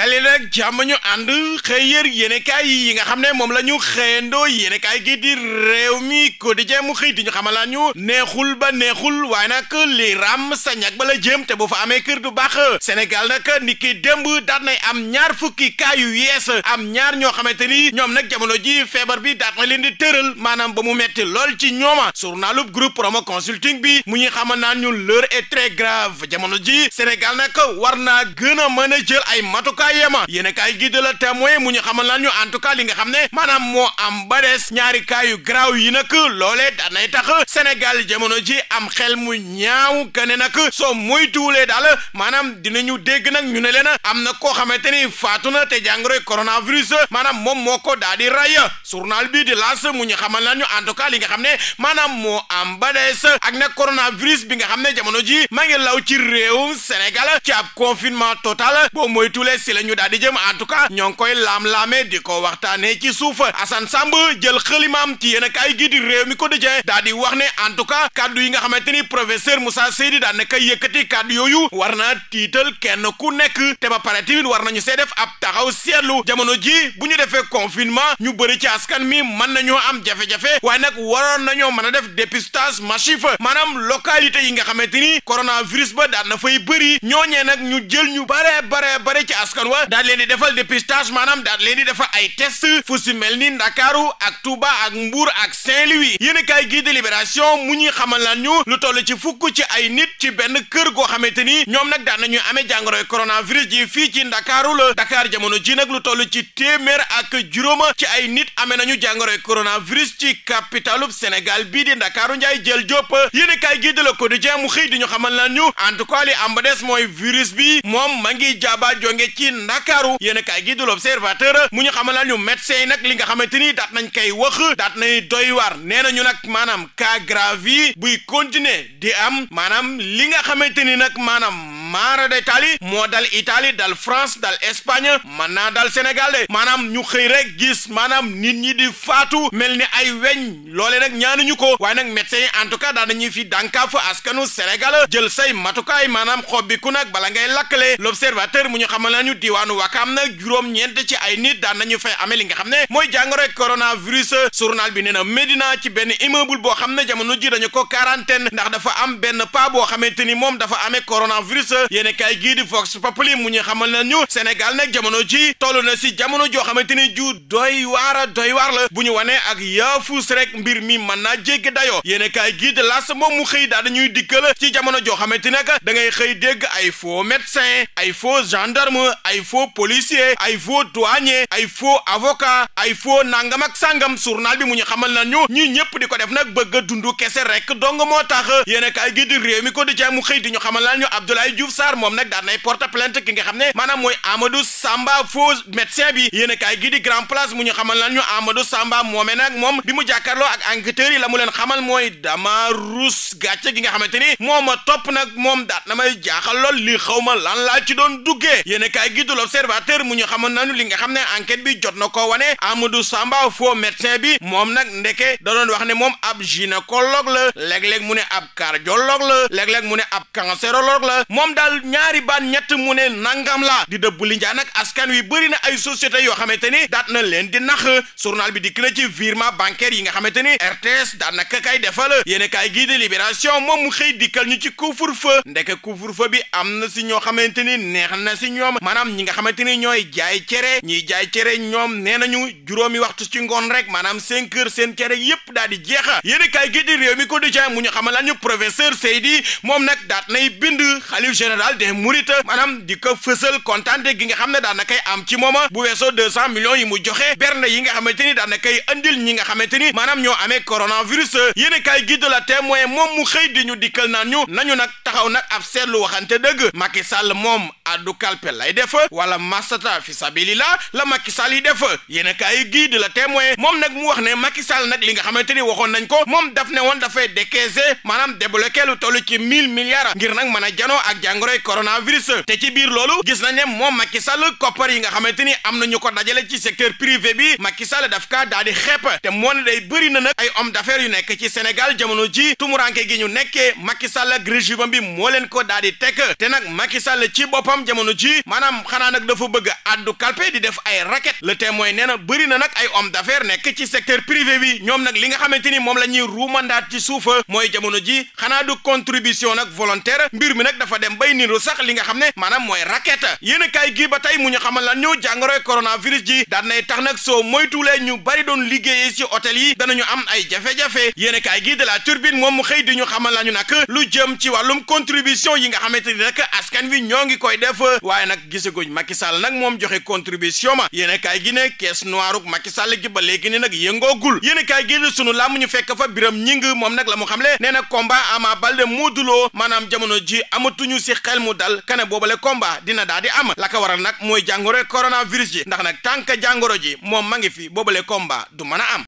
dali nag jàmm ñu ànd xëy yër yéenekaay yi nga xam ne moom la ñu xëyandoo yéenekaay gi di réew mi quotidien mu xëy di ñu xamal ñu neexul ba neexul waaye nag li ram sa ñag ba la jëm te bu fa amee kër du baax Sénégal nag ni ki démb daat nay am ñaar fukki kaa yu yees am ñaar ñoo xamante ni ñoom nag jamono ji feebar bi daat na leen di tëral maanaam ba mu metti lool ci ñooma journalub groupe promo consulting bi mu ñuy xamal naa ñu l'heure est très jamono ji Sénégal nag war naa jël ay matukaay yema yéen kaay gi de la témoin mu ñu xamal lan ñu en tout cas li nga xam ne na moo am ba des ñaari kaay yu garaaw yi nag loolee danay tax Sénégal jamono ji am xel mu ñaaw kene nag soo moytuwulee daal maanaam dinañu dégg nag ñu ne na am na koo xamante ni faatu na te jàngoroy coronavirus maanaam moom moo ko daa di ray journal bi di laas mu ñu xamal lan ñu en tout cas li nga xam ne ma na moo am ba des na nag coronavirus bi nga xam ne jamono ji ma ngi law ci réewum Sénégal ci ab confinement la ñu daal di jëm en tout cas ñoo ngi koy laam-laamee di ko waxtaanee ci suuf Assane Samb jël xëlimaam ci yéen a kaay gi di réew mi ko dëjee daal di wax ne en tout cas kaddu yi nga xamante ni professeur Moussa Seydi daan na koy yëkkati kaddu yooyu war naa tiital kenn ku nekk te ba pare tamit war ñu see def ab taxaw seetlu jamono ji bu ñu defee confinement ñu bëri ci askan mi mën nañoo am jafe-jafe waaye nag waroon nañoo mën a def dépistage massif maanaam localité yi nga xamante ni coronavirus ba daan na fay bëri ñooñee nag ñu jël ñu bare bare bare ci askan askan wa daal leen di defal dépistage maanaam daal leen di defal ay test fu si mel ak Touba ak mbuur ak Saint-Louis yéen kaay gii de Libération mu ñuy xamal lan ñu lu toll ci fukk ci ay nit ci benn kër goo xamante ni ñoom nag daan nañu amee jàngoroy coronavirus ji fii ci Ndakaaru la dakaar jamono ji nag lu toll ci téeméer ak juróoma ci ay nit amee nañu jàngoroy coronavirus ci capitalu senegal bii di Ndakaaru Njaay jël Jóob yéen kaay gii de Le mu xëy di ñu xamal lan ñu en tout cas li des mooy virus bi moom ma ci ndakaaru yéen kaay gi du l'observateur mu ñu xamal ñu médecin yi nag li nga xamante ni daat nañ koy wax daat nañ doy waar nee ñu nag maanaam cas grave yi buy continuer di am maanaam li nga xamante ni nag maanaam maara day taali moo dal Italie dal France dal Espagne mën naa dal Sénégal de maanaam ñu xëy rek gis maanaam nit ñi di faatu mel ni ay weñ loole nag ñu ko waaye nag médecins yi en tout cas daan nañuy fi dànkaaf askanu Sénégal jël say matukaay maanaam xob bi ku nag bala ngay lakkale l'observateur mu ñu xamal nañu diwaanu Wakaam nag juróom-ñeent ci ay nit daan nañu fay amee li nga xam ne mooy jàngoro coronavirus journal bi nee na Medina ci benn immeuble boo xam ne jamono ji dañu ko quarantaine ndax dafa am benn pa boo xamante ni moom dafa amee coronavirus yéene kaay gii di Vox Populi mu ñu xamal na ñu Sénégal nag ji toll na si jamono joo xamante ni ju doy waara doy waar la bu ñu wanee ak yaafuus rek mbir mi mën naa jéggi dayoo yéene kaay gii di L'As moom mu xëy daal dañuy dikkal ci jamono joo xamante ni nag da ngay xëy dégg ay faux médecin ay faux gendarme ay faux policier ay faux douanier ay faux avocat ay faux nangam ak sangam journal bi mu ñu xamal na ñu ñi ñëpp di ko def nag bëgg a dund kese rek dong moo tax yéene kaay gii di réew mi ko di Diouf moom nag daan nay porte plainte ki nga xam ne maanaam mooy Amadou Samba faux médecin bi yéen a kaay gi di grand mu ñu xamal lan ñu Amadou Samba moomee nag moom bi mu jàkkaarloo ak enquêteurs yi la mu leen xamal mooy dama rus gàcce gi nga xamante ni moo ma topp nag moom daat na jaaxal lool li xaw ma lan laa ci doon duggee yéen a kaay gi du l'observateur mu ñu xamal nañu li nga xam ne enquête bi jot na ko wane Amadou Samba faux médecin bi moom nag ndeke da doon wax ne moom ab gynécologue la léeg-léeg mu ne ab cardiologue la léeg-léeg mu ne ab daal ñaari baat ñett mu ne nangam la di dëbb li njaa nag askan wi bëri na ay société yoo xamante ni daat na leen di nax journal bi dikk na ci virement bancaire yi nga xamante ni RTS daan na kay defal yéen kaay gii di libération moom mu xëy dikkal ñu ci couvre-feu ndeke couvre-feu bi am na si ñoo xamante ni neex na si ñoom maanaam ñi nga xamante ni ñooy jaay cere ñiy jaay cere ñoom nee nañu juróomi waxtu ci ngoon rek maanaam cinq heures seen cere yépp daal di jeexa yéen kaay gii di réew mi ko di jaay na daal des Mourides maanaam di ko fësal kontaante gi nga xam ne daana koy am ci mooma bu weeso deux cent millions yi mu joxe berne yi nga xamante ni daana koy andil ñi nga xamante ni maanaam ñoo amee coronavirus yéen kaay gi de la témoin moom mu xëy di ñu dikkal naan ñu nañu nag taxaw na ab seetlu waxante dëgg Macky Sall moom addu kalpe lay def wala masata fi sabilillah la Macky Sall yi def yéen a gii di la témoin moom nag mu wax ne Macky nag li nga xamante ni waxoon nañ ko moom daf ne woon dafay décaisser maanaam débloquer lu ci mille milliards ngir nag mën a janoo ak jàngoroy coronavirus te ci biir loolu gis nañ ne moom Macky koppar yi nga xamante ni am na ñu ko dajale ci secteur privé bi Macky daf kaa daal di te moo ne day bëri na ay hommes d'affaires yu nekk ci Sénégal am jamono ji maanaam xanaa nag dafa bëgg addu kalpe di def ay raquette le témoin nee na bëri na nag ay homme d'affaires nekk ci secteur privé bi ñoom nag li nga xamante ni moom la ñuy ruumandaat ci suufa mooy jamono ji xanaa du contribution nag volonteer mbir mi nag dafa dem bay niru sax li nga xam ne maanaam mooy raquette yéen a kaay gii ba tey mu ñu xamal lan ñëw jàngoroy coronavirus ji daan nay tax nag soo moytuwulee ñu bari doon liggéeyee ci otel yi danañu am ay jafe-jafe yéen a gii de la turbine moom xëy di ñu xamal lañu nag lu jëm ci wàllum contribution yi nga xamante ni nag askan wi ñoo ngi koy def waaye nag gisaguñ Macky Sall nag moom joxe contribution ma yéen a kaay gi ne kees noiruk Macky Sall gi ba léegi ni nag yëngoogul yéen a kaay gi ne sunu làmm ñu fekk fa Biram ñi ñing moom nag la xam xamle nee na combat Ama Baldé Modou Lo maanaam jamono ji amatuñu si xel mu dal kane boobale combat dina daa di am la ko waral nag mooy jàngoro coronavirus yi ndax nag tànk jàngoro ji moom ma ngi fi boobale combat du mën a am